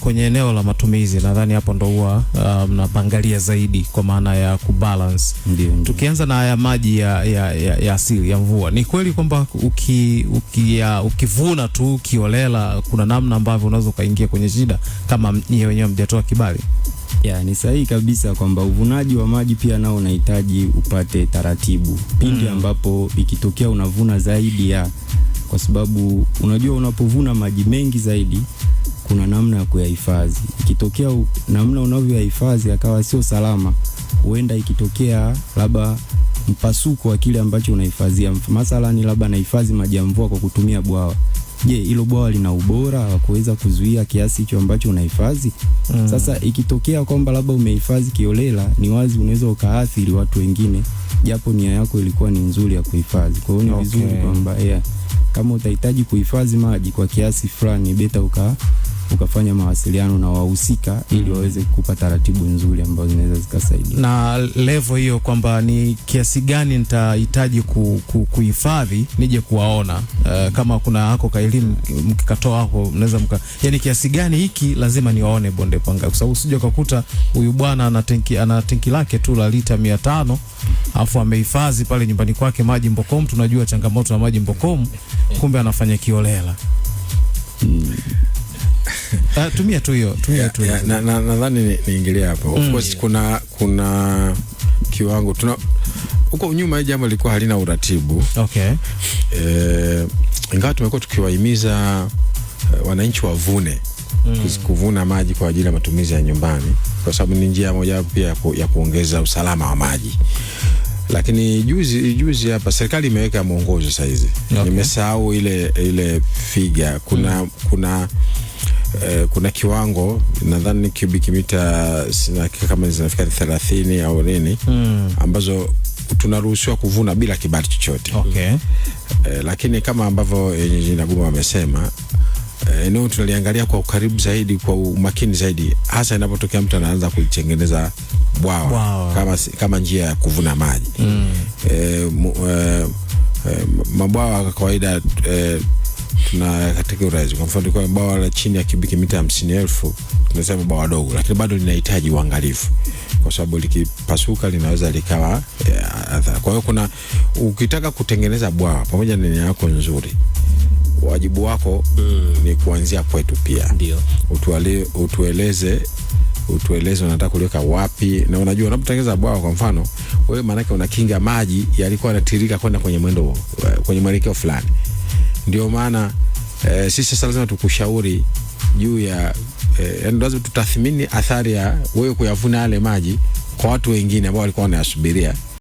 kwenye eneo la matumizi, nadhani hapo ndo huwa uh, mnapangalia um, zaidi kwa maana ya kubalance. Tukianza na haya maji ya, ya, ya, ya asili ya mvua, ni kweli kwamba uki, uki, ya, ukivuna tu ukiolela, kuna namna ambavyo unaweza ukaingia kwenye shida kama nyie wenyewe mjatoa kibali ya ni sahihi kabisa kwamba uvunaji wa maji pia nao unahitaji upate taratibu pindi mm, ambapo ikitokea unavuna zaidi ya, kwa sababu unajua unapovuna maji mengi zaidi kuna namna ya kuyahifadhi. Ikitokea namna unavyoyahifadhi akawa sio salama, huenda ikitokea labda mpasuko wa kile ambacho unahifadhia, mathalani labda nahifadhi maji ya mvua kwa kutumia bwawa Je, hilo bwawa lina ubora wa kuweza kuzuia kiasi hicho ambacho unahifadhi? mm. Sasa ikitokea kwamba labda umehifadhi kiolela, ni wazi unaweza ukaathiri watu wengine, japo nia yako ilikuwa ni nzuri ya kuhifadhi. Kwa hiyo ni okay. vizuri kwamba yeah, kama utahitaji kuhifadhi maji kwa kiasi fulani, beta uka ukafanya mawasiliano na wahusika mm. ili mhm. waweze kukupa taratibu nzuri ambazo zinaweza zikasaidia. Na levo hiyo kwamba ni kiasi gani nitahitaji ku, ku, kuhifadhi nije kuwaona uh, kama kuna hako elimu mkikatoa hapo mnaweza mka, yani kiasi gani hiki lazima niwaone bonde panga, kwa sababu usije ukakuta huyu bwana ana tenki ana tenki lake tu la lita 500 alafu amehifadhi pale nyumbani kwake maji Mbokomu. Tunajua changamoto ya maji Mbokomu, kumbe anafanya kiolela. Mm. Uh, tumia tu hiyo, tumia tu hiyo. Nadhani niingilie hapo. Of mm. course kuna kuna kiwango tuna huko nyuma hii jambo lilikuwa halina uratibu. Okay. Eh, ingawa tumekuwa tukiwahimiza eh, wananchi wavune mm. kuvuna maji kwa ajili ya matumizi ya nyumbani kwa sababu ni njia moja pia ya, ku, ya kuongeza usalama wa maji lakini juzi juzi hapa serikali imeweka mwongozo saizi okay. Nimesahau ile ile figa kuna mm. kuna eh, kuna kiwango nadhani cubic mita sina kama zinafika thelathini au nini mm. ambazo tunaruhusiwa kuvuna bila kibali chochote okay. Eh, lakini kama ambavyo Injinia wamesema eh, eneo eh, tunaliangalia kwa ukaribu zaidi, kwa umakini zaidi, hasa inapotokea mtu anaanza kulitengeneza bwawa wow. kama, kama njia ya kuvuna maji mm. eh, mabwawa kwa kawaida eh, tuna katika Kwa mfano, kwa bawa la chini ya kibiki mita hamsini elfu tunasema bawa dogo, lakini bado linahitaji uangalifu kwa sababu likipasuka linaweza likawa eh, adhara. Kwa hiyo kuna, ukitaka kutengeneza bwawa pamoja na nia yako nzuri wajibu wako mm, ni kuanzia kwetu pia. Ndio. Utuale, utueleze utueleze unataka kuliweka wapi, na unajua unapotengeneza bwawa kwa mfano wewe, maanake unakinga maji yalikuwa yanatiririka kwenda kwenye mwendo eh, kwenye mwelekeo fulani ndio maana e, sisi sasa lazima tukushauri juu ya e, lazima tutathmini athari ya wewe kuyavuna yale maji kwa watu wengine ambao walikuwa wanayasubiria.